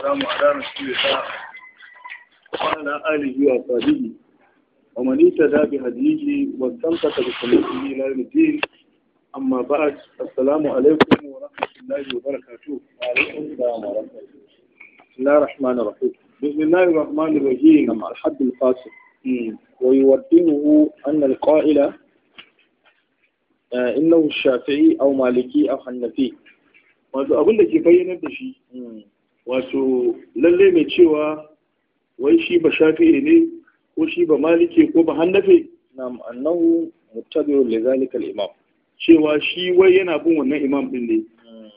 السلام على رسول الله وعلى آله وصحبه ومن اهتدى بهديه واستمسك بسنته إلى يوم الدين أما بعد السلام عليكم ورحمة الله وبركاته وعليكم السلام ورحمة الله بسم الله الرحمن الرحيم بسم الله الرحمن الرحيم مع نعم، الحد القاسم ويوضنه أن القائل آه، إنه الشافعي أو مالكي أو حنفي wato abin da ke bayyanar da wato lalle mai cewa wai shi ba shafi'i ne ko shi ba malike ko ba hannafe na'am annahu muttabi'un li zalika al-imam cewa shi wai yana bin wannan imam din ne hmm.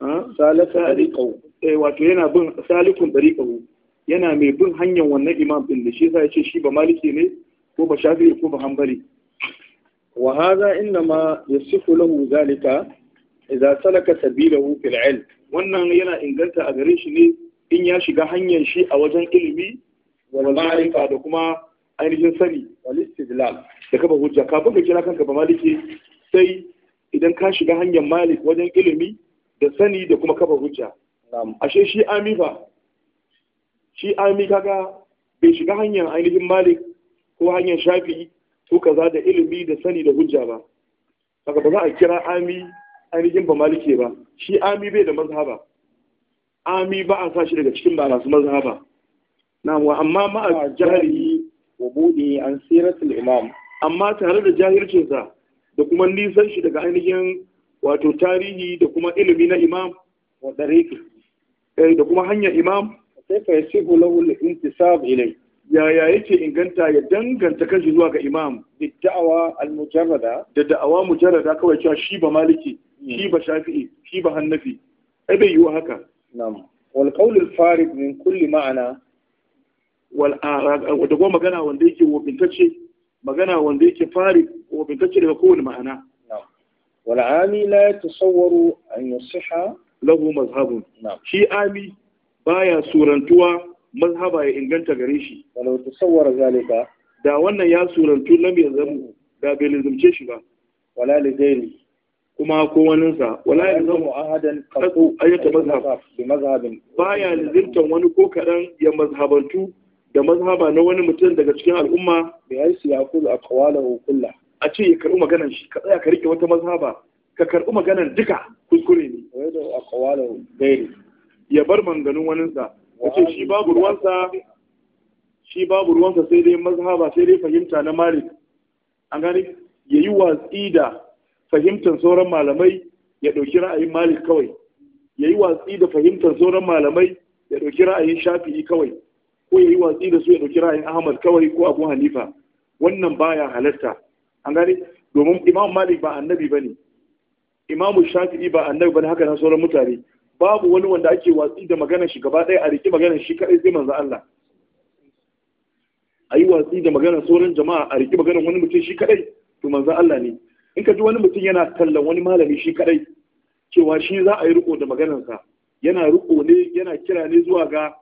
ah? salaka dariqahu eh wato yana bin salikun dariqahu yana mai bin hanyar wannan imam din ne shi yasa yace shi ba malike ne ko ba shafi'i ko ba hanbali wa hadha inma yasifu lahu zalika idza salaka sabilahu fil ilm wannan yana inganta a gare shi ne in ya shiga hanyar shi a wajen ilimi da ma'rifa da kuma ainihin sani wal istidlal da kafa hujja ka buga kira kanka ba maliki sai idan ka shiga hanyar malik wajen ilimi da sani da kuma kafa hujja ashe shi ami ba shi ami kaga bai shiga hanyar ainihin malik ko hanyar shafi ko kaza da ilimi da sani da hujja ba saka ba za a kira ami ainihin ba Maliki ba shi ami bai da mazhaba ami ba a sa shi daga cikin ba su mazhaba na wa amma ma a jahili wa buɗe an siratul imam amma tare da jahilcinsa da kuma nisan shi daga ainihin wato tarihi da kuma ilimi na imam wa dariqi eh, da kuma hanyar imam sai fa yasihu lahu al-intisab ilay yaya yake inganta ya danganta kanshi zuwa ga imam da da'awa al-mujarrada da da'awa mujarrada kawai cewa shi ba maliki Hmm. shi ba shafi'i shi ba hannafi ai bai yiwu haka na'am wal qawl al farid min kulli ma'ana wal da kuma magana wanda yake wabintacce magana wanda yake farid wabintacce daga kowane ma'ana wal ami la yatasawwaru an yasiha lahu mazhabun shi ami baya surantuwa mazhaba ya inganta gare shi wala tasawwara zalika da wannan ya surantu lam yazamu da bai lizumce shi ba wala lidaini kuma ko waninsa wala ya zama ahadan kasu ayyuka mazhab bi mazhabin baya lizimtan wani ko kadan ya mazhabantu da mazhaba na wani mutum daga cikin al'umma bi ya yaqulu aqwalahu kulla a ce ya karbi maganar shi ka tsaya ka rike wata mazhaba ka karbi maganar duka kuskure ne wa yadu aqwalahu gairi ya bar manganun waninsa ce shi babu ruwansa shi babu ruwansa sai dai mazhaba sai dai fahimta na malik an gani yayi watsi da fahimtar sauran malamai ya ɗauki ra'ayin malik kawai ya yi watsi da fahimtar sauran malamai ya ɗauki ra'ayin shafi'i kawai ko ya yi watsi da su ya ɗauki ra'ayin ahmad kawai ko abu hanifa wannan baya halarta an gane domin imam malik ba annabi ba ne, imamu shafi'i ba annabi ba ne, haka na sauran mutane babu wani wanda ake watsi da maganar shi gaba ɗaya a riƙe maganar shi kaɗai sai manzo Allah a yi watsi da maganar sauran jama'a a riƙe maganar wani mutum shi kaɗai to manzo Allah ne in ka ji wani mutum yana tallan wani malami shi kadai cewa shi za a yi riko da maganarsa yana riko ne yana kira ne zuwa ga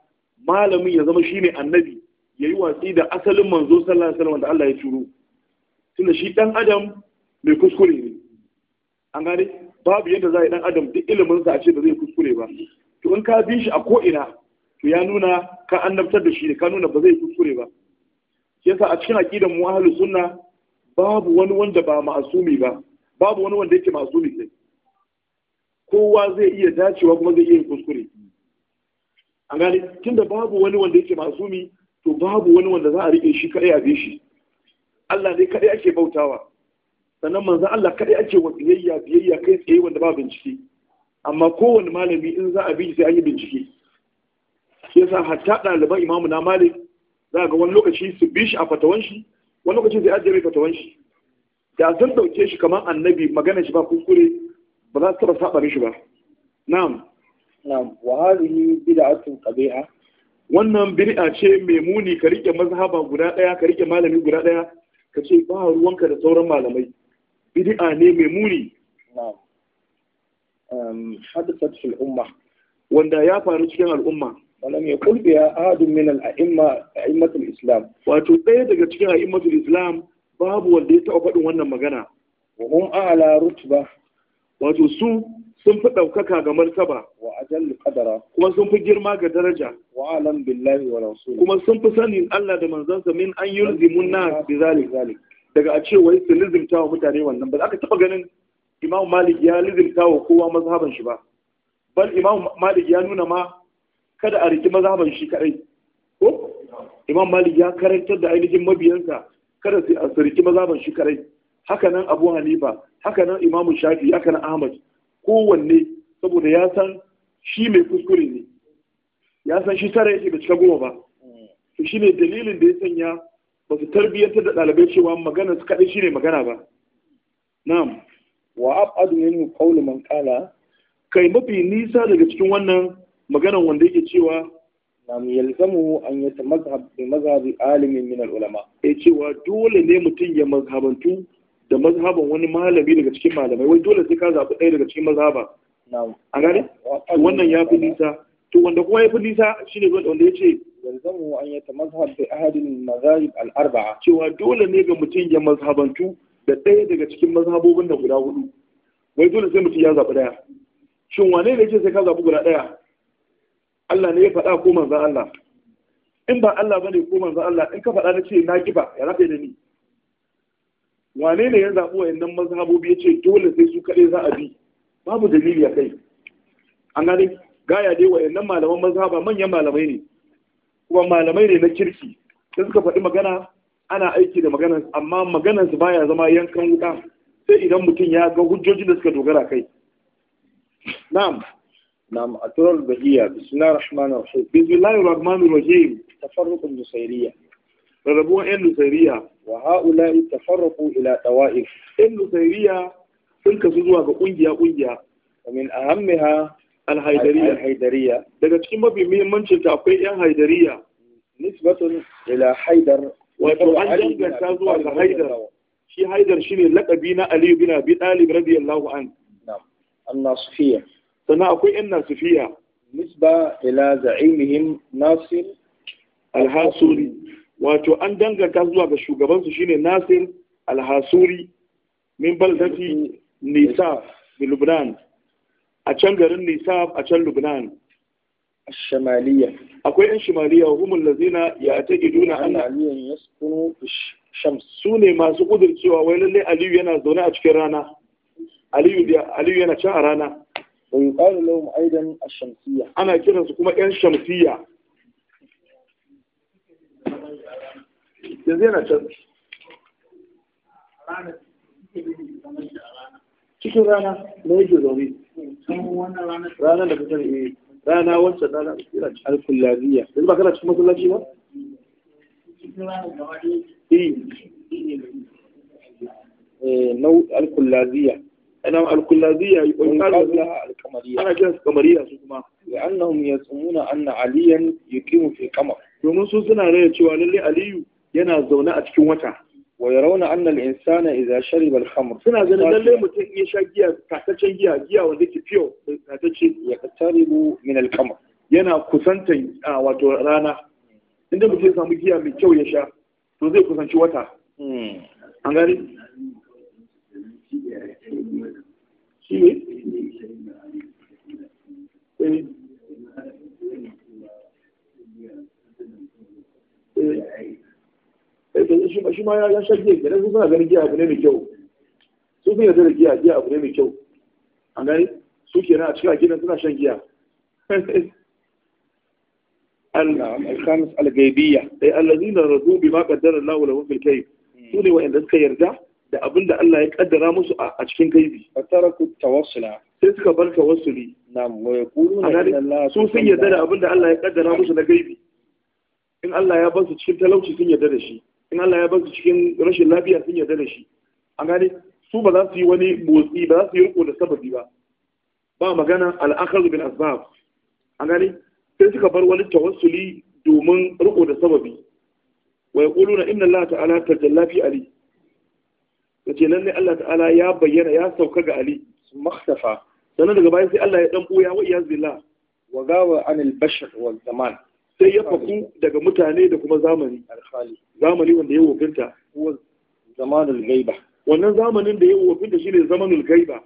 malamin ya zama shine annabi ya yi watsi da asalin manzo sallallahu alaihi wasallam da Allah ya turo tunda shi dan adam mai kuskure ne an gane babu yadda za a yi dan adam duk ilimin sa a ce ba zai kuskure ba to in ka bi shi a ko ina to ya nuna ka annabtar da shi ne ka nuna ba zai kuskure ba yasa a cikin aqidar mu ahlus sunna babu wani wanda ba masumi ba babu wani wanda yake masumi sai kowa zai iya dacewa kuma zai iya yin kuskure an gane tunda babu wani wanda yake masumi to babu wani wanda za a rike shi kadai a bi shi Allah ne kadai ake bautawa sannan manzo Allah kadai ake wa biyayya biyayya kai tsaye wanda ba bincike amma kowane malami in za a bi sai an yi bincike shi yasa hatta ɗaliban imamu na malik za ga wani lokaci su bi shi a fatawan shi wani lokaci zai ajiye mai fatawan shi da sun dauke shi kamar annabi magana shi ba kuskure ba za su taba saba mishi ba na'am na'am wa hadhihi bid'atun qabiha wannan bid'a ce mai muni ka rike mazhaba guda daya ka rike malami guda daya ka ce ba ruwanka da sauran malamai bid'a ne mai muni na'am hadathat fil umma wanda ya faru cikin al'umma ولم يقل بها أحد من الأئمة أئمة الإسلام واتو ɗaya daga cikin a'immatul Islam babu wanda ya taɓa faɗin wannan magana wa hum a'la rutba wato su sun fi ɗaukaka ga martaba wa كما سنفة kuma sun fi girma ga daraja wa alam بذلك wa Allah da daga a ce wai su lizimta wa mutane wannan ba za ka taɓa ganin Imam Malik ya lizimta wa kowa mazhaban shi ba bal Imam Malik ya nuna ma kada a riki mazhaban shi kadai ko imam malik ya karantar da ainihin mabiyansa kada su a riki mazhaban shi kadai haka nan abu hanifa haka nan imam shafi haka nan ahmad kowanne saboda ya san shi mai kuskure ne ya san shi tare yake da cika goma ba to shine dalilin da ya sanya ba su tarbiyyantar da ɗalibai cewa magana su kadai shine magana ba na'am wa abadu yanu qawlu man qala kai mafi nisa daga cikin wannan maganan wanda yake cewa nam yalzamu an yatamazhab bi mazhabi alimin min ulama eh cewa dole ne mutum ya mazhabantu da mazhaban wani malami daga cikin malamai wai dole sai ka zaɓi ɗaya daga cikin mazhaba a gane wannan ya fi nisa to wanda kuma ya fi nisa shine wanda ya ce yalzamu an yatamazhab bi ahadin mazahib al-arba'a cewa dole ne ga mutum ya mazhabantu da ɗaya daga cikin mazhabobin da guda hudu wai dole sai mutum ya zaɓi ɗaya shin wane ne ce sai ka zaɓi guda ɗaya Allah ne ya faɗa ko manzan Allah in ba Allah ba ne ko manzan Allah in ka faɗa na ce na ƙiba ya rafe da ni wane ne ya zaɓi yannan mazhabobi ya ce dole sai su kaɗai za a bi babu dalili a kai an gane gaya dai wayannan malaman mazhaba manyan malamai ne kuma malamai ne na kirki da suka faɗi magana ana aiki da magana, amma maganar su baya zama yankan wuka sai idan mutum ya ga hujjojin da suka dogara kai na'am نعم أترى البهية بسم الله الرحمن الرحيم بسم الله الرحمن الرحيم تفرق النصيرية ربوا إن إيه النصيرية وهؤلاء تفرقوا إلى طوائف إن إيه النصيرية تلك سوزوها بقنجيا قنجيا ومن أهمها الهيدرية الهيدرية لقد تكون بمين من شلت أقوي هيدرية نسبة إلى حيدر وتوعن حيدر سوزوها بحيدر شي هيدر شنو لك بينا علي بن أبي طالب رضي الله عنه نعم الناصفية sannan akwai yan nasifiya nisba ila za'imihim nasir alhasuri wato an danganta zuwa ga shugabansu shine nasir alhasuri min baldati nisaf bi lubnan a can garin nisaf a can lubnan الشمالية أكوي إن شمالية هم الذين يعتقدون أن علي يسكن في الشمس سوني ما سقود الكيوة وين اللي علي ينا زونا أشكرانا علي علي ينا شعرانا ويقال لهم أيضا الشمسية أنا كده سكوما إيه كان شمسية جزينا شمس شكو رانا لا يجو دوني رانا لكتن إيه رانا وانسا رانا الكلابية لذي بقى كلاك شمس الله شمس إيه نوع الكلابية إيه نعم الكلابية ويقال لها القمرية أنا كده القمرية سكما لأنهم يزعمون أن عليا يقيم في القمر domin su suna raya cewa lalle Aliyu yana zaune a cikin wata wa yarawna anna al-insana idza shariba al-khamr suna ganin lalle mutum in ya sha giya tataccen giya giya wanda ke fiyo tatacce ya qataribu min al yana kusantan wato rana inda mutum ya samu giya mai kyau ya sha to zai kusanci wata shi ne eh, eh, shi ma ya sha giya kenan suna ganin giya abu ne mai kyau sun sun da giya giya abu ne mai kyau A gani su na a cikin gina suna shan giya الخامس الغيبية أي الذين رضوا بما قدر الله لهم في الكيف سوني وإن suka yarda. da abin da Allah ya kaddara musu a cikin gaibi fataraku tawassula sai suka bar tawassuli na'am wa yaquluna inna Allah su sun yarda da abin da Allah ya kaddara musu na gaibi in Allah ya bar su cikin talauci sun yarda da shi in Allah ya bar su cikin rashin lafiya sun yarda da shi an gane su ba za su yi wani motsi ba za su yi riko da sababi ba ba magana al'akhazu bil asbab an gane sai suka bar wani tawassuli domin riko da sababi wa yaquluna inna Allah ta'ala tajalla fi ali kace nan ne Allah ta'ala ya bayyana ya sauka ga Ali maktafa sannan daga bayan sai Allah ya dan buya wa iyaz billah wa gawa anil bashar wal zaman sai ya faku daga mutane da kuma zamani zamani wanda ya wofinta zamanul ghaiba wannan zamanin da ya wofinta shine zamanul ghaiba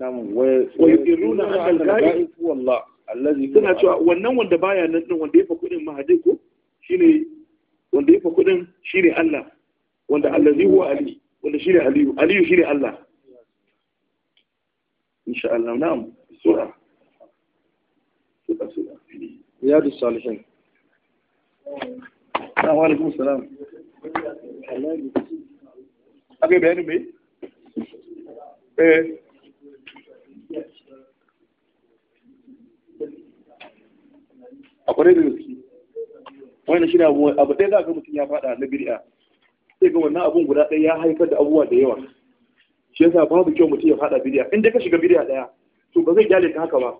nam wa yuqiruna an al-ghaib wallah allazi kana cewa wannan wanda baya nan din wanda ya faku din mahadin ko shine wanda ya faku din shine Allah wanda allazi huwa ali wanda shine aliyu aliyu shine Allah insha Allah na'am sura sura da riyadus salihin assalamu alaikum salam abi bayani me eh akwai da yau wani shi abu ɗaya za ga mutum ya faɗa na biri'a. sai ga wannan abun guda ɗaya ya haifar da abubuwa da yawa shi yasa babu kyau mutum ya faɗa bidiya in dai ka shiga bidiya ɗaya to ba zai gyale ka haka ba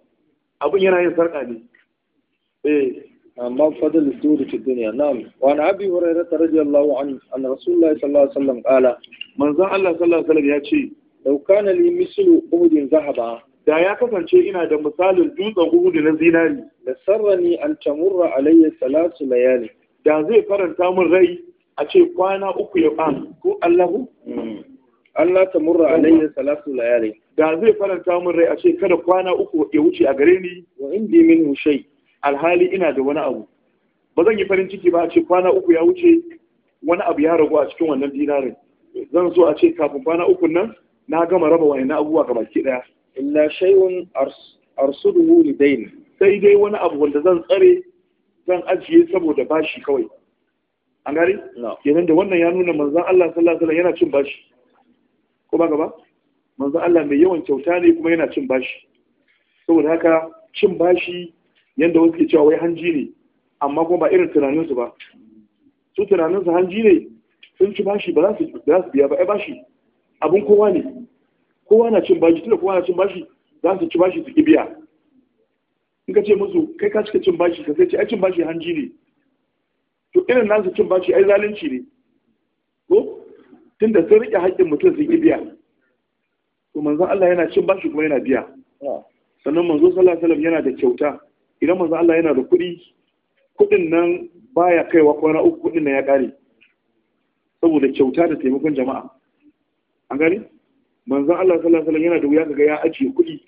abun yana yin sarƙa ne eh amma fadl zuhud fi dunya na'am wa na abi hurairah radiyallahu anhu an rasulullahi sallallahu alaihi wasallam kala manzo Allah sallallahu alaihi wasallam ya ce law kana li mislu uhudin zahaba da ya kasance ina da misalin dutsen uhudin na zinari da sarrani an tamurra alayya salatu layali da zai faranta min rai a ce kwana uku ya ban ko Allahu hmm. Allah ta murra alayya salatu layali da zai faranta min rai a ce kada kwana uku ya wuce a gare ni wa inda min hushai alhali ina da wani abu ba zan yi farin ciki ba a ce kwana uku ya wuce wani abu ya ragu a cikin wannan dinarin zan so a ce kafin kwana uku nan na gama raba wani na abubuwa ga baki ɗaya. illa shay'un arsuduhu lidayn sai dai wani abu wanda zan tsare zan ajiye saboda bashi kawai an gari kenan da wannan ya nuna manzan Allah sallallahu alaihi yana cin bashi ko ba gaba manzan Allah mai yawan kyauta ne kuma yana cin bashi saboda haka cin bashi yadda wasu ke cewa wai hanji ne amma kuma ba irin tunaninsu ba su tunaninsu hanji ne sun ci bashi ba za su biya ba ai bashi abin kowa ne kowa na cin bashi tunda kowa na cin bashi za su ci bashi su ki biya in ka ce musu kai ka cika cin bashi ka sai ce ai cin bashi hanji ne to irin nasu cin bashi ai zalunci ne ko tunda sun rike haƙƙin mutum sun biya to manzo Allah yana cin bashi kuma yana biya sannan manzo sallallahu alaihi wasallam yana da kyauta idan manzon Allah yana da kuɗi kuɗin nan baya kaiwa na uku kuɗin nan ya ƙare saboda kyauta da taimakon jama'a an gani manzo Allah sallallahu alaihi wasallam yana da wuya kaga ya ajiye kuɗi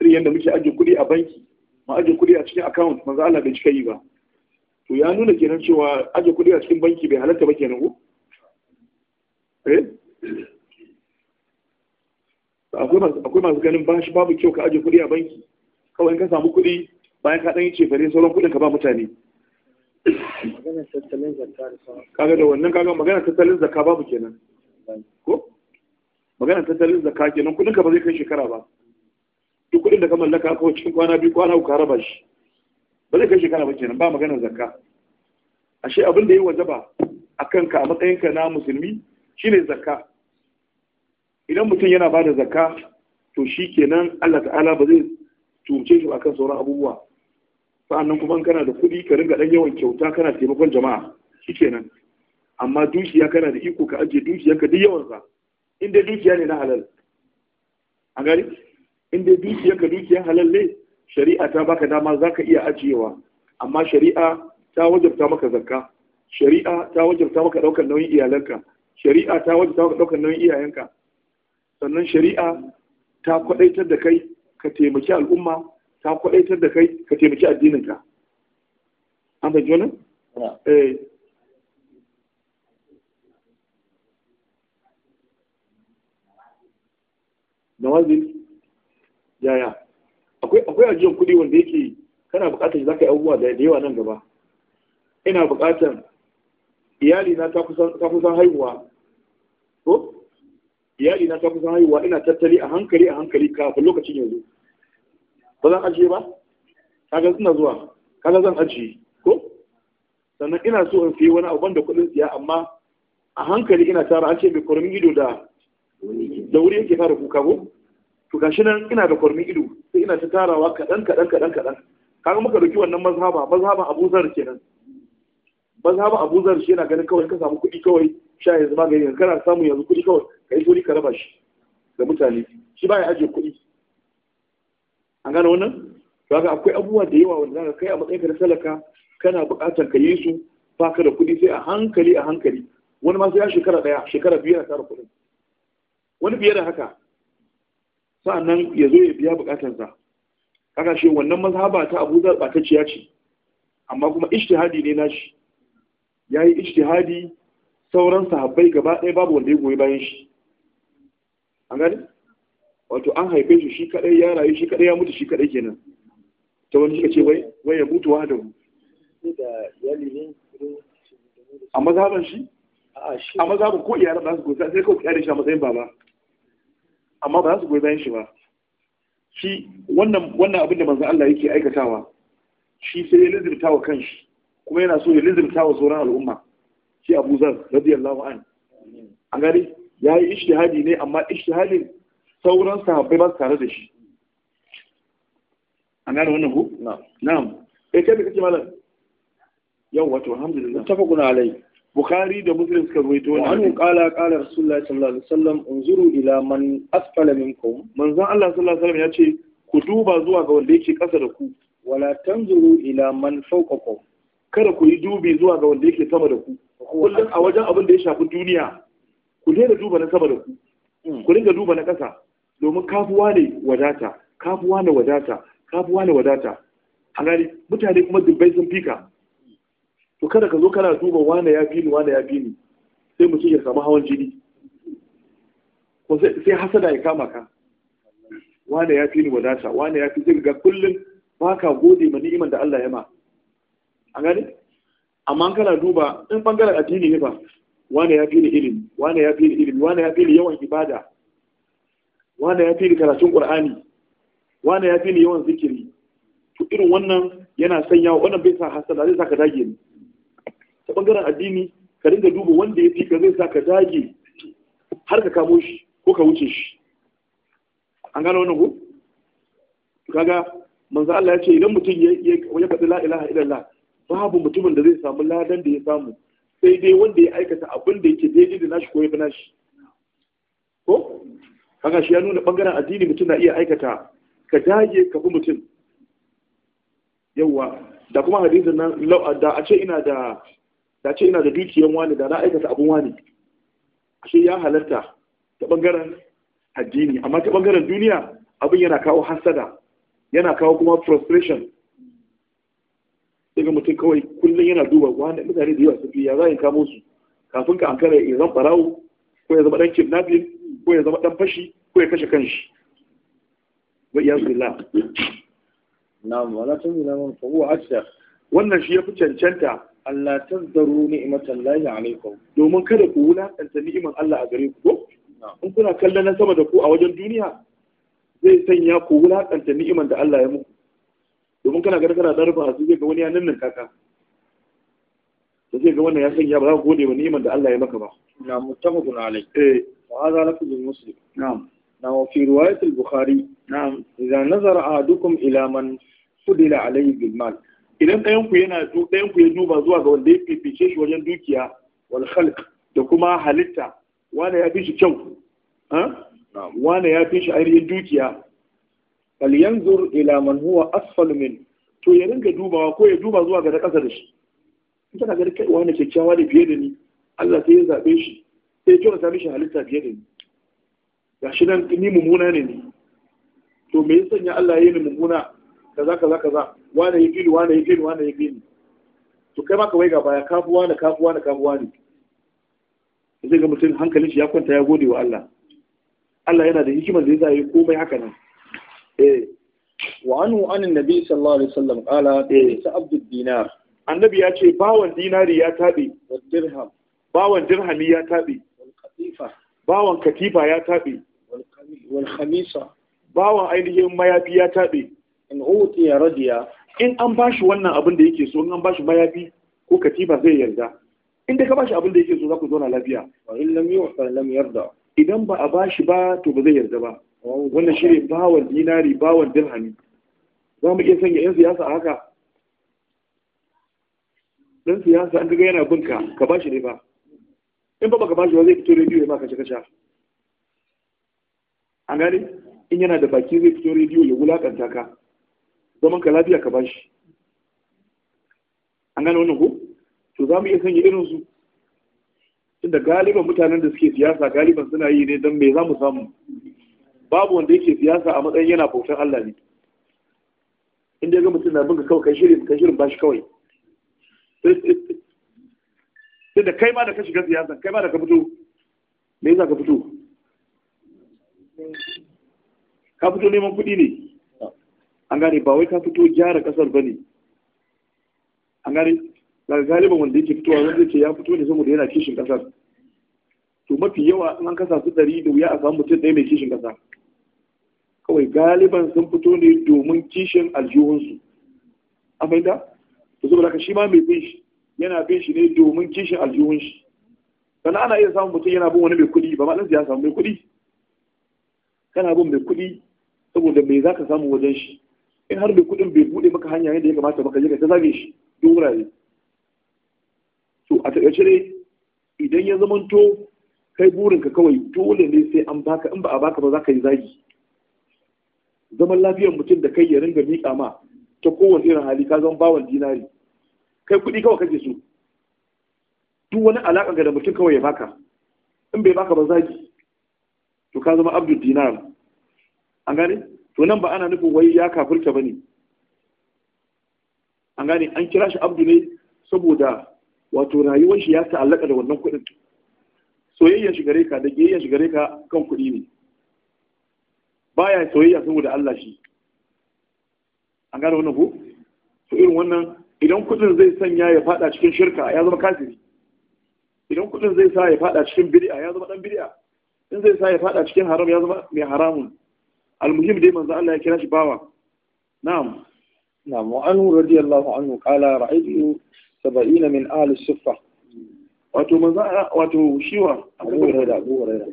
irin yadda muke ajiye kuɗi a banki mu ajiye kuɗi a cikin account manzo Allah bai cika yi ba to ya nuna kenan cewa aje kuɗi a cikin banki bai halatta ba kenan ko eh akwai masu ganin bashi babu kyau ka aje kuɗi a banki kawai in ka samu kuɗi bayan ka ɗan yi cefare sauran kudin ka ba mutane kaga da wannan kaga magana tattalin zakka babu kenan ko magana tattalin zakka kenan kudin ka ba zai kai shekara ba duk kudin da ka mallaka kawai cikin kwana biyu kwana uku ka raba shi ba zai kai shekara ba kenan ba maganar zakka ashe abin da ya wajaba a kanka a matsayinka na musulmi shine zakka idan mutum yana ba da zakka to shi kenan Allah ta'ala ba zai cuce shi akan sauran abubuwa sa'annan kuma kana da kuɗi ka ringa ɗan yawan kyauta kana taimakon jama'a shi kenan amma dukiya kana da iko ka ajiye dukiyarka duk yawansa in dai dukiya ne na halal a gari in dai dukiyarka dukiyar halal ne shari'a ta baka dama za ka iya ajiyewa amma shari'a ta wajabta maka zakka shari'a ta wajabta maka ɗaukar nauyin iyalanka shari'a ta wajabta maka ɗaukar nauyin iyayenka sannan shari'a ta kwaɗaitar da kai ka taimaki al'umma ta kwaɗaitar da kai ka taimaki addininka an ga wannan? eh nawazin yaya akwai akwai ajiyar kuɗi wanda yake kana buƙatar za ka yi abubuwa da yawa nan gaba ina buƙatar iyali na ta kusan haihuwa ko iyali na ta kusan haihuwa ina tattali a hankali a hankali kafin lokacin yanzu ba zan ajiye ba kaga suna zuwa kaga zan ajiye ko sannan ina so in fiye wani abin da kuɗin siya amma a hankali ina tara an ce mai kwarmin ido da da wuri yake fara kuka ko to gashi nan ina da kwarmi ido sai ina ta tarawa kaɗan kaɗan kaɗan kaɗan kaga muka ɗauki wannan mazhaba mazhaban Abu Zar kenan mazhaban Abu Zar shi yana ganin kawai ka samu kuɗi kawai sha yanzu magani yanzu kana samu yanzu kuɗi kawai ka yi kuɗi ka raba shi ga mutane shi baya ajiye kuɗi an gane wannan to kaga akwai abubuwa da yawa wanda zaka kai a matsayinka na talaka kana buƙatar ka yi su ba ka da kuɗi sai a hankali a hankali wani ma sai ya shekara ɗaya shekara biyu yana tara kuɗin wani biyar da haka sa'annan ya zo ya biya bukatarsa Kaka shi wannan mazhaba ta Abu Dhar batacciya ce amma kuma Hadi ne nashi yayi Hadi sauran sahabbai gaba ɗaya babu wanda ya goyi bayan shi an gani wato an haife shi shi kaɗai, ya rayu shi kaɗai, ya mutu shi kaɗai kenan ta wani shiga ce wai ya mutu wa da mu a mazhaban shi a mazhaban ko iyalan ba su goyi sai kawai kiyar shi a matsayin baba amma ba za su goyi bayan shi ba shi wannan wannan abin da manzo Allah yake aikatawa shi sai ya lizirta wa kanshi kuma yana so ya lizirta wa sauran al'umma shi Abu Zar radiyallahu an a gari ya yi ishtihadi ne amma ishtihadin sauran sahabbai ba su tare da shi an gane wannan ku na'am eh kai da kake malam yau wato alhamdulillah tafakkuna alai bukhari da muslim suka ruwaito wani abu. qala qala rasulullahi sallallahu alaihi wasallam unzuru ila man asfala minkum manzon Allah sallallahu alaihi wasallam ya ce ku duba zuwa ga wanda yake ƙasa da ku wala tanzuru ila man fawqakum kada ku yi dubi zuwa ga wanda yake sama da ku kullum a wajen abin da ya shafi duniya ku daina duba na sama da ku hmm. ku dinga duba na ƙasa domin kafuwa ne wadata kafuwa ne wadata kafuwa ne wadata a gani mutane kuma dubbai sun fika to kada ka zo kana duba wane ya fi ni wane ya fi ni sai mutum ya samu hawan jini ko sai hasada ya kama ka wane ya fi ni wadata wane ya fi zai ga kullum ba ka gode ma ni'imar da Allah ya ma an gane amma kana duba in bangaren addini ne ba wane ya fi ni ilimi wane ya fi ni ilimi wane ya fi ni yawan ibada wane ya fi ni karatun qur'ani wane ya fi ni yawan zikiri to irin wannan yana sanya wannan bai sa hasada zai sa ka dage ni bangaren addini ka dinga duba wanda ya fi ka zai sa ka dage har ka kamo shi ko ka wuce shi an gano wani ku? kaga manzo Allah ya ce idan mutum ya ya faɗi la ilaha illallah babu mutumin da zai samu ladan da ya samu sai dai wanda ya aikata abin da yake daidai da nashi ko ya fi nashi ko kaga shi ya nuna bangaren addini mutum na iya aikata ka dage ka fi mutum yawa da kuma hadisin nan da a ce ina da da ce ina da dukiyan wani da na aikata abun wani ashe ya halarta ta bangaren addini amma ta bangaren duniya abin yana kawo hasada yana kawo kuma frustration daga mutum kawai kullum yana duba wani mutane da yawa su fiye za a kamo su kafin ka ankara ya zama barawo ko ya zama dan kidnapping ko ya zama dan fashi ko ya kashe kanshi wa iyaz billah na'am wala tun ila na fa huwa wannan shi ya fi cancanta Allah tazdaru lahi alaikum domin kada ku wulakanta ni'imar Allah a gare ku ko in kuna kallon na sama da ku a wajen duniya zai sanya ku wulakanta ni'imar da Allah ya muku domin kana ganin kana darfa a zai ga wani ya nannan kaka da zai ga wannan ya sanya ba za ku gode wa ni'imar da Allah ya maka ba na muttafaqun alai eh wa hadha lafzul muslim na'am na wa fi riwayat al-bukhari na'am idza nazara ahadukum ila man fudila alayhi bil mal idan ɗayan ku yana ɗayan ku ya duba zuwa ga wanda ya fifice shi wajen dukiya wal khalq da kuma halitta wane ya fi shi kyau wane ya fi shi ainihin dukiya bal yanzur ila man huwa asfal min to ya ringa dubawa ko ya duba zuwa ga ƙasa da shi in kana ga kai wani kyakkyawa da fiye da ni Allah sai ya zabe shi sai ya kyauta mishi halitta fiye da ni gashi nan ni mummuna ne ni to me ya sanya Allah ya yi ni mummuna kaza kaza kaza wane yi gini wane yi gini wane yi gini to kai ma wai ga baya kafuwa na kafuwa na kafuwa ne zai ga mutum hankalin shi ya kwanta ya gode wa Allah Allah yana da hikimar da yasa yi komai haka nan eh wa anhu anin nabi sallallahu alaihi wasallam qala eh sa abdud dinar annabi ya ce bawan dinari ya tabe wa dirham bawan dirhami ya tabe wal qatifa bawan katifa ya tabe wal khamisa bawan ainihin mayafi ya tabe in ya radiya in an bashi wannan abin da yake so in an bashi mayafi ko katifa zai yarda in da ka bashi abin da yake so za ku zauna lafiya wa in lam wa lam yarda idan ba a bashi ba to ba zai yarda ba wannan shi ne bawan dinari bawan dirhami za mu iya sanya yan siyasa a haka dan siyasa an ga yana binka ka bashi ne ba in ba baka bashi ba zai fito rediyo ya ma kace kaca an gane in yana da baki zai fito rediyo ya wulakanta ka zaman ka lafiya ka bashi an gane wannan ko to za mu iya sanya irin su tunda galiban mutanen da suke siyasa galiban suna yi ne don me za mu samu babu wanda yake siyasa a matsayin yana bautar Allah ne in dai ga mutum na binka kawai kai shirin kai shirin bashi kawai tunda kai ma da ka shiga siyasa kai ma da ka fito me yasa ka fito ka fito neman kuɗi ne an gane ba wai ka fito gyara kasar ba ne an gane daga galiban wanda yake fitowa wanda yake ya fito ne saboda yana kishin kasar to mafi yawa in an kasa su dari da wuya a samu mutum ɗaya mai kishin kasa kawai galiban sun fito ne domin kishin aljihunsu an fahimta to saboda ka shi ma mai bin shi yana bin shi ne domin kishin aljihun shi sannan ana iya samun mutum yana bin wani mai kuɗi ba ma ya samu mai kuɗi kana bin mai kuɗi saboda me za ka samu wajen shi in har da kudin bai bude maka hanya yadda ya kamata maka yi ta zage shi duk wurare to a takaice ne idan ya zamanto kai burinka kawai dole ne sai an baka in ba a baka ba za ka yi zagi zaman lafiyar mutum da kai ya ringa miƙa ma ta kowane irin hali ka zama bawan dinari kai kuɗi kawai kake so duk wani alaƙa ga da mutum kawai ya baka in bai baka ba zagi to ka zama abdul dinar an gane to nan ba ana nufin wai ya kafirta bane an gane an kira shi abdu ne saboda wato rayuwar shi ya ta'allaka da wannan kuɗin soyayyar shi gare ka da giyayyar shi gare ka kan kuɗi ne baya soyayya saboda Allah shi an gane wannan ko to irin wannan idan kuɗin zai sanya ya fada cikin shirka ya zama kafiri idan kuɗin zai sa ya fada cikin bid'a ya zama dan bid'a in zai sa ya fada cikin haram ya zama mai haramun المهم dai manzo Allah ya kira نعم نعم وعنه رضي الله عنه قال anhu سبعين من آل الصفة wato manzo wato shiwa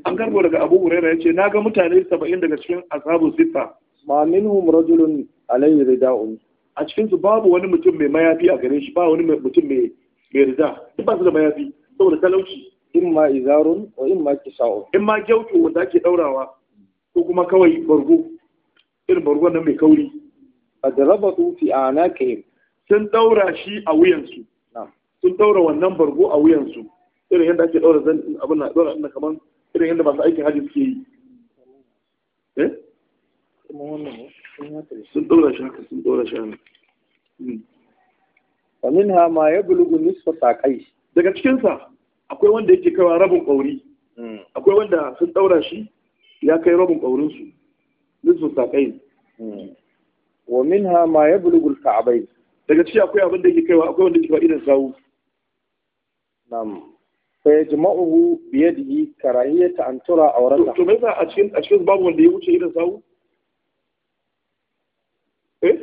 an karbo daga Abu Hurairah yace naga mutane 70 daga cikin ashabu siffa ma minhum rajulun alayhi rida'un a cikin su babu wani mutum mai mayafi a gare shi ba wani mutum mai mai rida duk ba su da mayafi saboda talauci imma izarun wa imma kisa'un imma gyautu wanda ake daurawa ko kuma kawai bargo irin bargo nan mai kauri a darabatu fi anaqihim sun daura shi a wuyansu sun daura wannan bargo a wuyansu irin yadda ake daura zan abin na daura inda kamar irin yadda masu aikin hajji suke yi eh sun daura shi haka sun daura shi haka ومنها ما يبلغ نصف ساقيه daga cikinsa akwai wanda yake kawa rabin ƙauri hmm. akwai wanda sun ɗaura shi ya kai rabin ƙaurin su nisu saƙai wa minha ma yablughu al-ka'bayn daga ciki akwai abin da yake kaiwa akwai wanda yake fa'idan sawu nam fa yajma'uhu bi yadihi karahiyata an tura awrata to me yasa a cikin a cikin babu wanda ya wuce idan sawu eh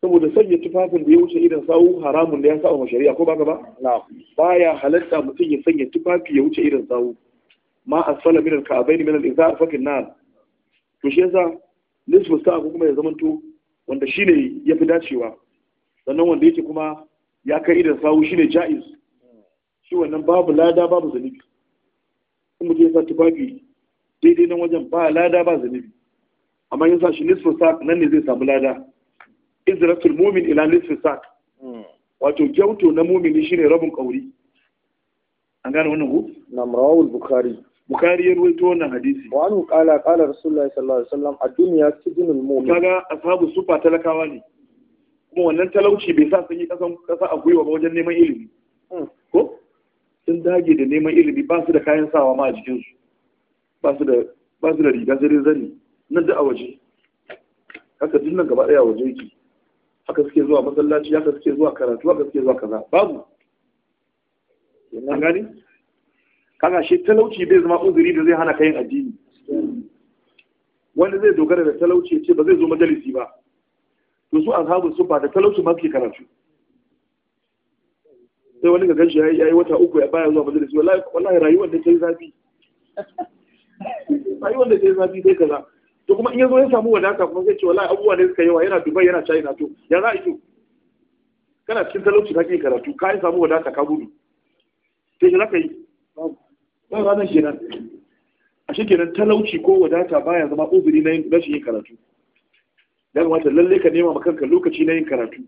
saboda sanya tufafin da ya wuce idan sawu haramun da ya saba ma shari'a ko baka ba na baya halatta mutum ya sanya tufafi ya wuce idan sawu ma asfala min al-ka'bayn min al-izar fa kin nan. to shi yasa nisfu sa'a ko kuma ya to wanda shine yafi dacewa sannan wanda yake kuma ya kai idan sawu shine jaiz shi wannan babu lada babu zanibi in mutum ya sa tufafi daidai nan wajen ba lada ba zanibi amma yasa sa shi nisfu sa'a nan ne zai samu lada izratul mu'min ila nisfu sa'a wato gyauto na mumini shine rabin kauri an gane wannan ku na rawul bukhari Bukhari ya ruwaito wannan hadisi. Wa anhu qala qala Rasulullahi sallallahu alaihi wasallam ad-dunya sijnul mu'min. Kaga ashabu sufa talakawa ne. Kuma wannan talauci bai sa sun yi kasan kasa a gwiwa ba wajen neman ilimi. Hmm. Ko? Sun dage da neman ilimi ba su da kayan sawa ma a jikin su. Ba su da ba su da riga zare zare nan da a waje. Haka duk nan gaba daya a waje yake. Haka suke zuwa masallaci, haka suke zuwa karatu, haka suke zuwa kaza. Babu. An gani? kaga shi talauci bai zama uzuri da zai hana kayan addini wanda zai dogara da talauci ce ba zai zo majalisi ba to su ashabu su ba da talauci ma suke karatu sai wani ga ganshi ya yi wata uku ya baya zuwa majalisi wallahi rayuwar da ta yi zafi rayuwar da ta yi zafi sai kaza to kuma in ya zo ya samu wadata kuma zai ce wallahi abubuwa ne suka yawa yana dubai yana china to ya za a yi to kana cikin talauci kake karatu ka yi samu wadata ka gudu sai ka yi ba ranar kenan a shi kenan talauci ko wadata baya zama uzuri na rashin yin karatu ya kamata lalle ka nema kanka lokaci na yin karatu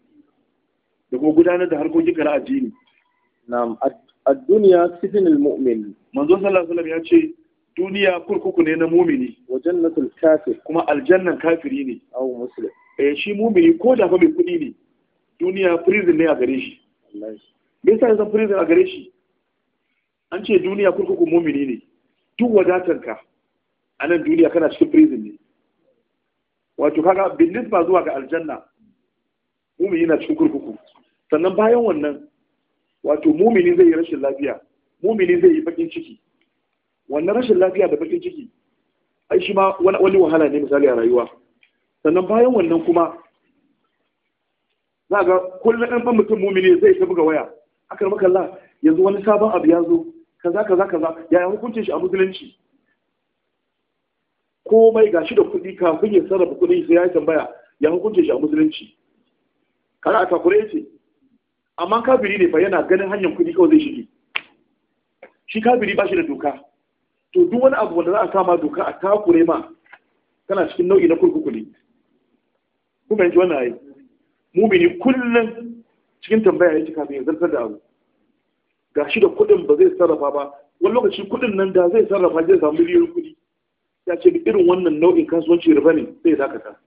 da kuma gudanar da harkokin na addini na'am ad-dunya sijnul mu'min manzo sallallahu alaihi ya ce duniya kurkuku ne na mumini wa jannatul kafir kuma aljannan kafiri ne aw muslim eh shi mumini ko da fa mai kudi ne duniya prison ne a gare shi me yasa ya zan prison a gare shi an ce duniya kurkukun mumini ne duk wadatanka a nan duniya kana cikin prison ne wato kaga bin ba zuwa ga aljanna mumini yana cikin kurkuku sannan bayan wannan wato mumini zai yi rashin lafiya mumini zai yi bakin ciki wannan rashin lafiya da bakin ciki ai shi ma wani wahala ne misali a rayuwa sannan bayan wannan kuma za ga kullum ɗan mutum mumini zai ta buga waya akar maka Allah yanzu wani sabon abu ya zo kaza kaza kaza yayin hukuncin shi a musulunci komai ga shi da kuɗi kafin ya sarrafa kuɗi sai ya tambaya ya hukunce shi a musulunci kana a takure ce amma kabiri ne fa yana ganin hanyar kuɗi kawai zai shige shi kabiri ba shi da doka to duk wani abu wanda za a kama doka a takure ma kana cikin nau'i na kurkuku ne kuma yanzu wannan ayi mumini kullum cikin tambaya yake kafin ya zartar da abu ga shi da kuɗin ba zai sarrafa ba wani lokaci kuɗin nan da zai sarrafa zai samu miliyoyin kuɗi ya ce irin wannan nau'in kasuwanci riba ne zai dakata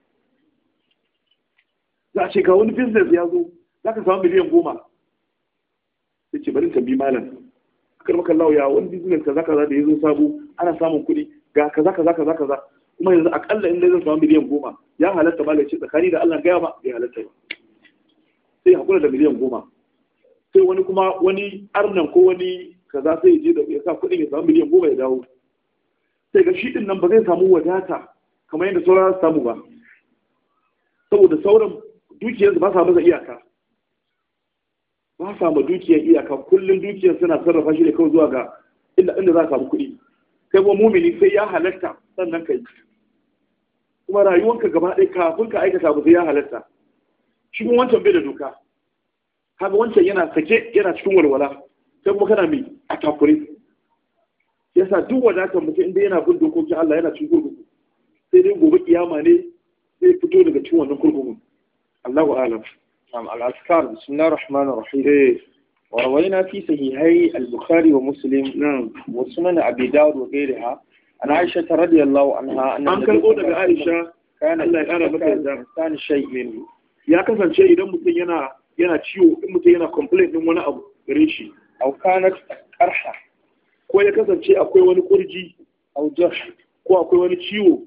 za a ce ga wani business ya zo za ka samu miliyan goma sai ce bari tambi malam akar maka lauya wani business kaza kaza da ya zo sabo ana samun kuɗi ga kaza kaza kaza kaza kuma yanzu akalla in dai zan samu miliyan goma ya halatta malam ce tsakani da Allah gaya ma ya halatta ba sai hakura da miliyan goma sai wani kuma wani arnan ko wani kaza sai ya je da ya sa kuɗin ya samu miliyan goma ya dawo sai ga shi nan ba zai samu wadata kamar yadda sauran su samu ba saboda sauran dukiyarsu ba sa masa iyaka ba sa ma dukiyar iyaka kullum dukiyar suna sarrafa shi ne kawai zuwa ga inda inda za ka samu kuɗi kai kuma mumini sai ya halatta sannan kai kuma rayuwanka gaba ɗaya kafin ka aikata ba sai ya halatta shi kuma wancan bai da doka kaga wancan yana sake yana cikin walwala kai kuma kana mai a takure yasa duk wadatar mutum inda yana bin dokokin Allah yana cikin kurkuku sai dai gobe kiyama ne zai fito daga cikin wannan kurkukun Allahu a'lam نعم الأذكار بسم الله وروينا في صحيحي البخاري ومسلم وسنن أبي داود وغيرها عن عائشة رضي الله عنها أن أنكر قولك عائشة كان الله يقرأ بك الإنسان شيء منه يا كسان شيء إذا مسلم yana ciwo in mutum yana complain din wani abu gare shi aw kana karha ko ya kasance akwai wani kurji aw jarh ko akwai wani ciwo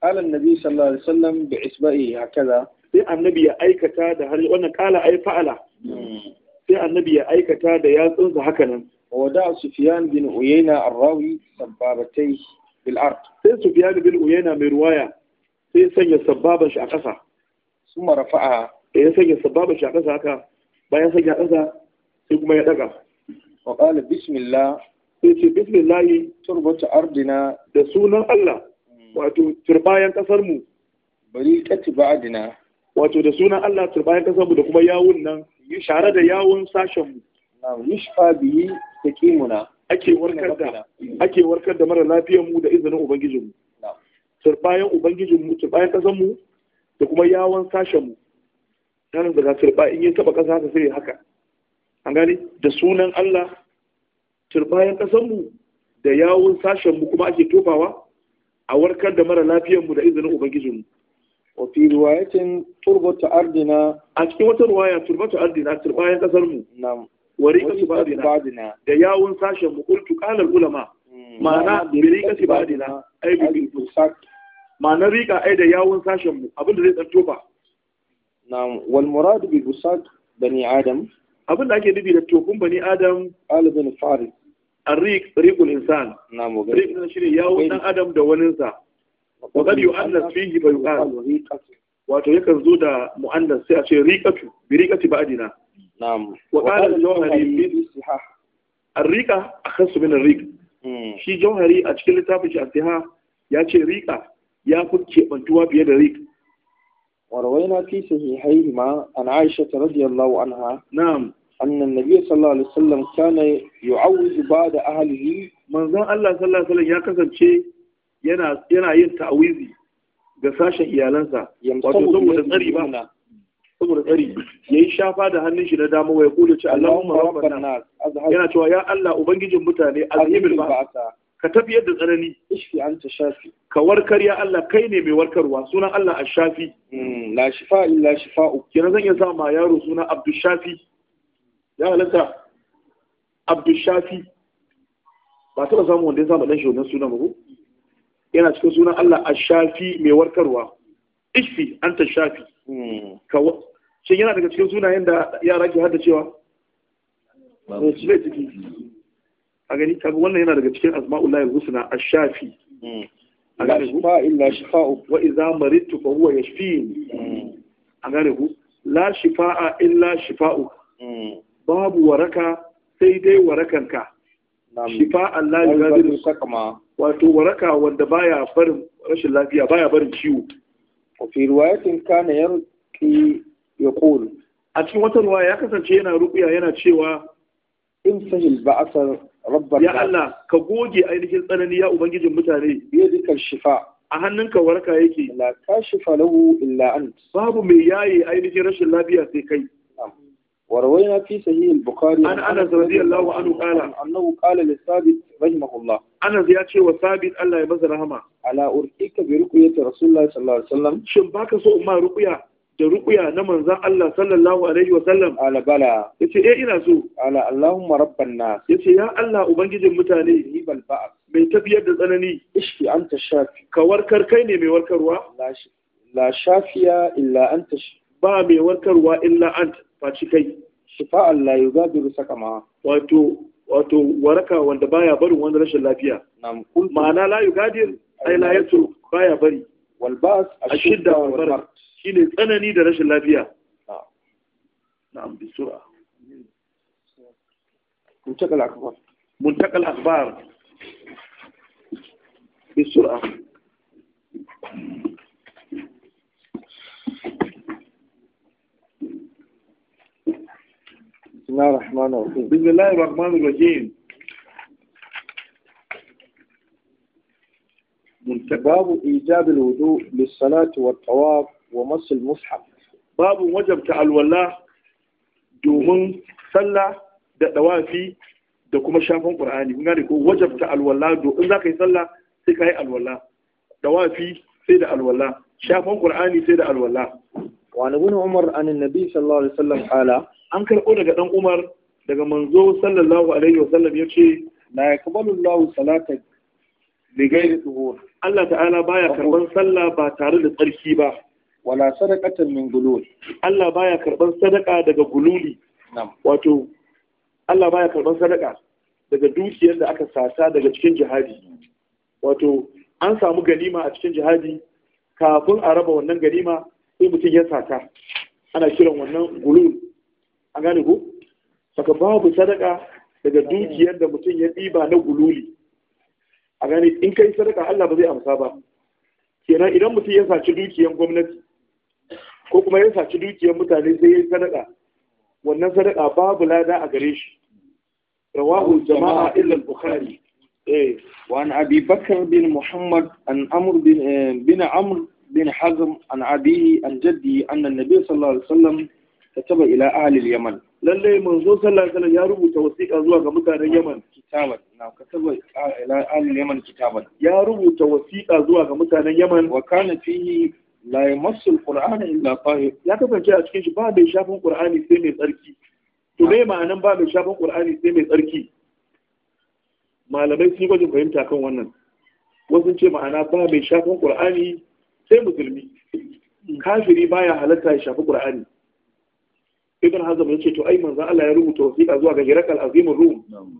qala annabi sallallahu alaihi wasallam bi isba'i hakaza sai annabi ya aikata da har wannan kala ay fa'ala sai annabi ya aikata da yatsunsa haka nan da sufyan bin uyayna ar-rawi sabbabatai bil ard sai sufyan bin uyayna mai ruwaya sai sanya sabbaban shi a ƙasa summa rafa'a da ya sanya sababin shi a ƙasa haka bayan sanya a ƙasa sai kuma ya ɗaga wa ƙala bismillah sai ce bismillah turbata ardina da sunan Allah hmm. wato turbayan Bari mu bariqati ba'dina wato da sunan Allah turbayan kasar mu da kuma yawun nan share da yawun sashen mu na'am yushfa da takimuna ake warkar da ake warkar da mara lafiyar mu da izinin ubangijin mu turbayan ubangijin mu turbayan ƙasarmu mu da kuma yawon sashen mu yaron daga turba in ya taba ƙasa haka sai haka an gani da sunan Allah turbayan kasanmu da yawun sashenmu kuma ake tofawa a warkar da mara mu da izinin ubangijinmu wa fi riwayatin turbatu ardina a cikin wata riwaya turbatu ardina turbayan ƙasarmu na'am wa riqatu ba'dina da yawun sashenmu qultu qala ulama mm. ma'ana bi riqati ba'dina ai bi ma'ana riqa ai da yawun sashenmu abinda zai tsanto ba na'am wal murad bi busat bani adam abin da ake nufi da tokun bani adam alibin faris الريق ريق الإنسان نعم Rikul الإنسان ياو نان Adam da waninsa وقد fihi bai فيقال wato yakan zo da mu'annas sai a ce riqatu bi riqati adina. na'am wa qala al-jawhari bi sihah. Arika riqa min arik. Hmm. shi jawhari a cikin littafin shi ya ce riqa ya fi kebantuwa fiye da riq وروينا في صحيحيهما عن عائشة رضي الله عنها نعم أن النبي صلى الله عليه وسلم كان يعوذ بعد أهله من ذا الله صلى الله عليه وسلم يكسب شيء yana yana yin ta'awizi ga sashen iyalansa wato saboda tsari ba saboda yayi shafa da hannun shi na dama ya kula ce Allahumma yana cewa ya Allah ubangijin mutane azhibil ka tafiyar da tsanani ishfi ta shafi ka warkar ya Allah kai ne mai warkarwa sunan Allah ash-shafi hmm, la shifa illa shifa'u kina zan iya sa ma yaro sunan Abdul Shafi ya halatta Abdul Shafi ba ta samu wanda ya sa dan shi wannan sunan ba yana cikin sunan Allah ash-shafi mai warkarwa ishfi ta shafi hmm. ka shin yana daga cikin sunayen da yara ke haddacewa ba su ciki a gani kaga wannan yana daga cikin asma'ullahi husna ash-shafi mm. a gane ku ba illa shifa'u wa idza maridtu fa huwa yashfini mm. a gane ku la shifa'a illa shifa'u mm. babu waraka sai dai warakanka shifa Allah ya gadi wato waraka wanda baya barin rashin lafiya baya barin ciwo wa fi riwayatin kana ya yaqul a cikin wata ruwa ya kasance yana rubiya yana cewa in sahil asar ya Allah ka goge ainihin tsanani ya ubangijin mutane ya dukkan shifa a hannunka warka yake la kashifa lahu illa ant babu mai yaye ainihin rashin lafiya sai kai وروينا في صحيح البخاري عن انس رضي الله عنه قال انه قال للثابت رحمه الله انس يا ce wa sabit Allah ya masa rahama ala urqika bi ruqyati rasulullah sallallahu alaihi wasallam shin baka so umma ruqya da rukuya na manzan Allah sallallahu alaihi wa sallam ala bala yace eh ina so ala allahumma rabban nas ce ya Allah ubangijin mutane ni bal ba'a mai tafiyar da tsanani Ishki an ta shafi ka warkar kai ne mai warkarwa la shafiya illa an anta ba mai warkarwa illa anta faci kai shifa Allah yugadiru sakama wato wato waraka wanda baya barin wani rashin lafiya ma'ana la yugadir ai la yatru baya bari wal ba'as ashidda wal barar شيل تناني درش اللافيا نعم بسرعة منتقى الأخبار منتقى الأخبار بسرعة بسم الله الرحمن الرحيم بسم الله الرحمن الرحيم منتباب إيجاب الوضوء للصلاة والطواب wa masul mushaf babu wajabta alwala domin sallah da dawafi da kuma shafan qur'ani kun gane ko wajabta alwala do in zaka yi sallah sai ka yi alwala dawafi sai da alwala shafan qur'ani sai da alwala wa an ibn umar an annabi sallallahu alaihi wasallam qala an karbo daga dan umar daga manzo sallallahu alaihi wasallam yace la yaqbalu allah salata Allah ta'ala baya karban sallah ba tare da tsarki ba wala sadaqatan min gulul Allah baya karban sadaka daga gululi wato Allah baya karban sadaka daga dukiyar da aka sata daga cikin jihadi wato an samu ganima a cikin jihadi kafin a raba wannan ganima sai mutum ya sata ana kiran wannan gulul an gane ko saka babu sadaka daga dukiyar da mutum ya ɗiba na gululi a gane in kai sadaka Allah ba zai amsa ba kenan idan mutum ya saci dukiyar gwamnati ko kuma ya saci dukiyar mutane sai ya sadaka wannan sadaka babu lada a gare shi rawahu jama'a illa bukhari eh wa an abi bakr bin muhammad an amr bin eh, bin amr bin hazm an abi an jaddi anna nabiy sallallahu alaihi wasallam kataba ila ahli yaman lalle manzo sallallahu alaihi wasallam ya rubuta wasiƙa zuwa ga mutanen ah, Yaman kitaban na kataba ila ahli yaman kitaban ya rubuta wasiƙa zuwa ga mutanen Yaman wa kana fihi la masu qur'ana illa fahim ya kasance a cikin shi ba mai shafin ƙur'ani sai mai tsarki to me ma'anan ba mai shafin ƙur'ani sai mai tsarki malamai sun gwajin fahimta kan wannan wasu ce ma'ana ba mai shafin ƙur'ani sai musulmi kafiri baya halatta ya shafi ƙur'ani. ibn hazm ya ce to ai manzon Allah ya rubuta wasiƙa zuwa ga hirakal azimur rum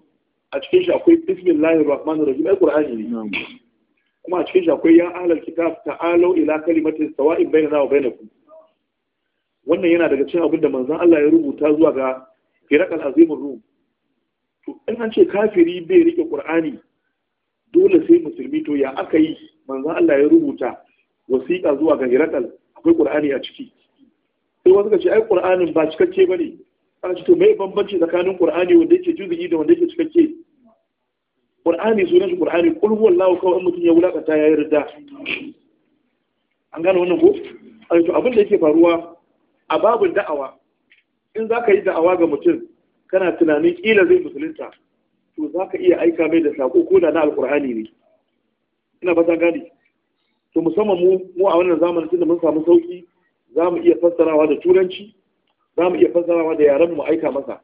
a cikin shi akwai bismillahir rahmanir rahim ai ƙur'ani. ne kuma a cikin shi akwai ya alal kitab ta'alu ila kalimatin sawa'in bainana wa bainakum wannan yana daga cikin abin da manzon Allah ya rubuta zuwa ga firakal azimur rum to in an ce kafiri bai rike qur'ani dole sai musulmi to ya aka yi manzon Allah ya rubuta wasiƙa zuwa ga firakal akwai qur'ani a ciki sai wasu ka ce ai qur'anin ba cikakke bane aka ce to me bambanci tsakanin qur'ani wanda yake juzu'i da wanda yake cikakke qur'ani sunan shi qur'ani qul huwallahu kawai mutum ya wulakanta ya yarda an gane wannan ko a to abin da yake faruwa a babin da'awa in zaka yi da'awa ga mutum kana tunanin kila zai musulunta to zaka iya aika mai da sako ko da na alqur'ani ne ina ta gani to musamman mu mu a wannan zamanin tunda mun samu sauki za mu iya fassarawa da turanci za mu iya fassarawa da yaren mu aika masa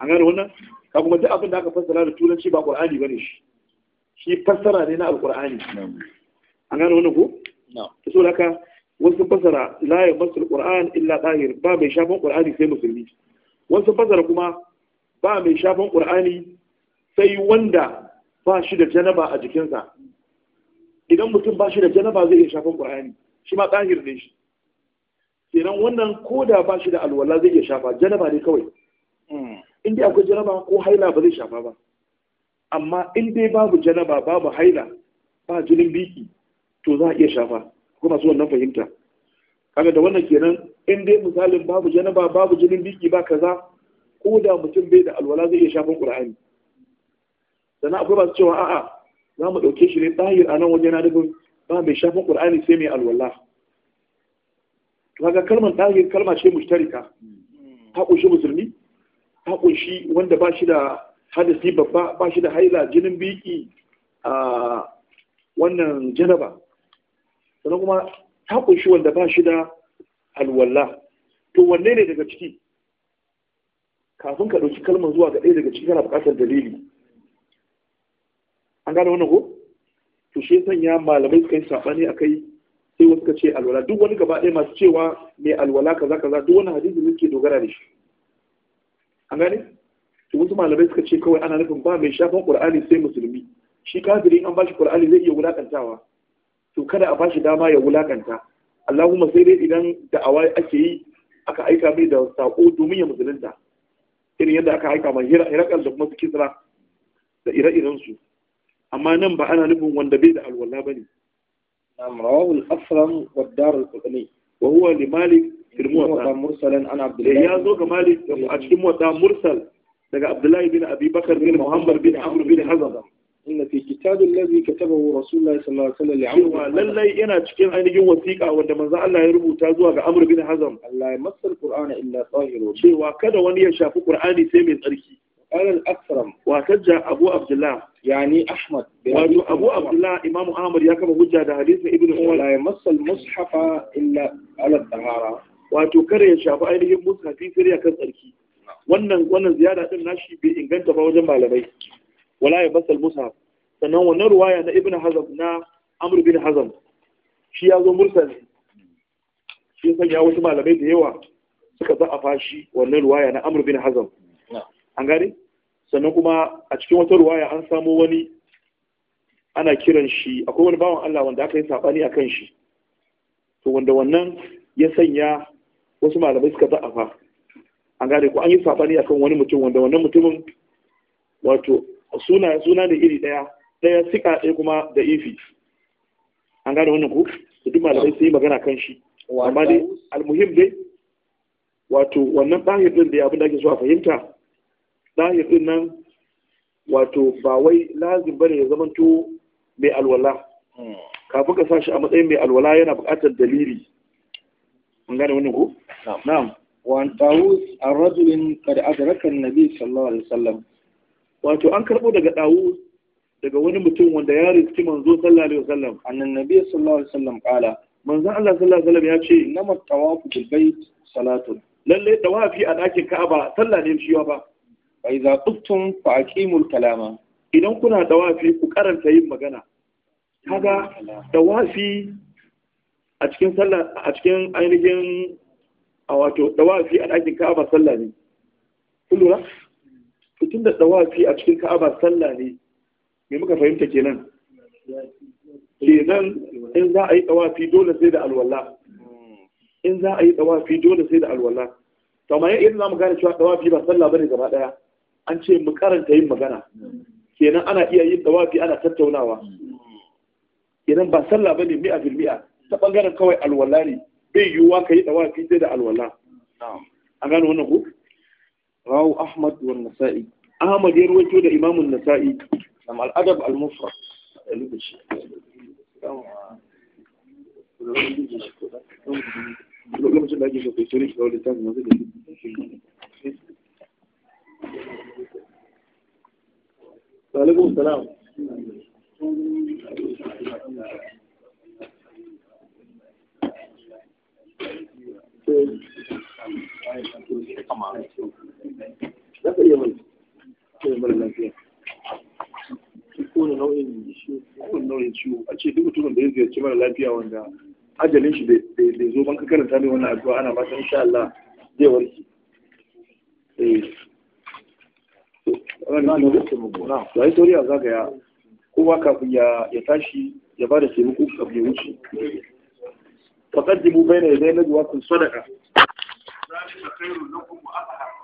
an gane wannan ka kuma duk abin da aka fassara da turanci ba qur'ani bane shi shi fassara ne na alqur'ani an gane wannan ko na'am to haka wasu fassara la masul qur'an illa tahir ba mai shafan qur'ani sai musulmi wasu fassara kuma ba mai shafan qur'ani sai wanda ba shi da janaba a jikinsa idan mutum ba shi da janaba zai iya shafan qur'ani shi ma tahir ne shi kenan wannan koda ba shi da alwala zai iya shafa janaba ne kawai in dai akwai janaba ko haila ba zai shafa ba amma in dai babu janaba babu haila ba jinin biki to za a iya shafa ko masu wannan fahimta kaga da wannan kenan in dai misalin babu janaba babu jinin biki ba kaza ko da mutum bai da alwala zai iya shafa qur'ani sannan akwai masu cewa a'a za mu ɗauke shi ne tsahir a nan waje na dubin ba mai shafin ƙur'ani sai mai alwala kaga kalmar tsahir kalma ce mushtarika ta ƙunshi musulmi ta ƙunshi wanda ba shi da hadisi babba ba shi da haila jinin biki a wannan janaba sannan kuma ta ƙunshi wanda ba shi da alwala to wanne ne daga ciki kafin ka ɗauki kalmar zuwa ga ɗaya daga ciki kana buƙatar dalili an gane wannan ko to shi sanya malamai suka yi saɓani a kai sai wasu ka ce alwala duk wani gaba ɗaya masu cewa mai alwala kaza kaza duk wani hadisi ne dogara da shi an gane to wasu malamai suka ce kawai ana nufin ba mai shafan qur'ani sai musulmi shi kafiri an bashi qur'ani zai iya wulakantawa to kada a bashi dama ya wulakanta Allahumma sai dai idan da'awa ake yi aka aika mai da sako domin ya musulunta irin yadda aka aika mai hirakal da kuma su kisra da ire su. amma nan ba ana nufin wanda bai da alwala ba ne. Nam rawahul Afram wa Darul Qutni wa huwa li Malik Eh, ya zo a cikin muwatta mursal daga abdullahi bin abi bakar bin muhammad bin amr bin hazam inna fi rasulullahi sallallahu alaihi wa lallai yana cikin ainihin wasiƙa wanda manzo Allah ya rubuta zuwa ga amr bin hazam Allah ya qur'ana illa cewa kada wani ya shafi qur'ani sai mai tsarki قال الأكرم وتجا أبو عبد الله يعني أحمد وأبو أبو عبد الله إمام أحمد يكتب حجة حديث ابن عمر لا يمس المصحف إلا على الطهارة wato kare ya shafi ainihin mushafi sirri ya kan tsarki wannan wannan ziyara din nashi bai inganta ba wajen malamai wala ya basal mushaf sannan wannan ruwaya na ibn hazm na amr bin hazm shi ya zo mursal shi san ya wasu malamai da yawa suka za a fashi wannan ruwaya na amr bin hazm an gane sannan kuma a cikin wata ruwaya an samo wani ana kiran shi akwai wani bawan Allah wanda aka yi sabani akan shi to wanda wannan ya sanya wasu malamai suka za'afa an gane ko an yi a kan wani mutum wanda wannan mutumin wato suna suna da iri daya daya sika ɗaya kuma da ifi e an gane wannan ku duk malamai su yi magana kan shi amma dai almuhim dai wato wannan ɗahir ɗin da abin da ake so a fahimta ɗahir ɗin nan wato ba wai lazim bane ya zamanto mai alwala hmm. kafin ka sa shi a matsayin mai alwala yana buƙatar dalili mun gane wani ko na'am wa an tawus ar-rajulin qad adraka an-nabi sallallahu alaihi wasallam wato an karbo daga tawus daga wani mutum wanda ya riski manzo sallallahu alaihi wasallam annan nabi sallallahu alaihi wasallam qala manzon Allah sallallahu alaihi wasallam ya ce nama tawafu bil bait salatun lalle tawafi a dakin Ka'aba sallah ne shi ba fa idza quftum fa aqimul kalama idan kuna tawafi ku karanta yin magana kaga tawafi a cikin a cikin ainihin a wato dawafi a ɗakin ka'aba sallah ne kun fitin da dawafi a cikin ka'aba sallah ne me muka fahimta kenan kenan in za a yi dawafi dole sai da alwala in za a yi dawafi dole sai da alwala to amma yayin za mu gane cewa dawafi ba sallah bane gaba daya an ce mu karanta yin magana kenan ana iya yin dawafi ana tattaunawa kenan ba sallah bane mi'a fil mi'a تبغير كوي الولاني بي يواك يتوا في تدا الولا نعم اغان ونه راو احمد والنسائي احمد يروي تو امام النسائي نعم الادب المفرد اللي بشي لو مش لاقي شو تشتري لو لسان ما زي السلام za ka nau'in ciwo a ce duk ya ziyarci mara lafiya wanda ajalin shi bai zo ban karanta mai wannan addu'a ana fatan insha Allah zai warke to ai toriya zagaya kowa kafin ya tashi ya ba da taimako kafin ya wuce فقدموا بين يدي نجواكم صدقة ذلك خير لكم وأطهر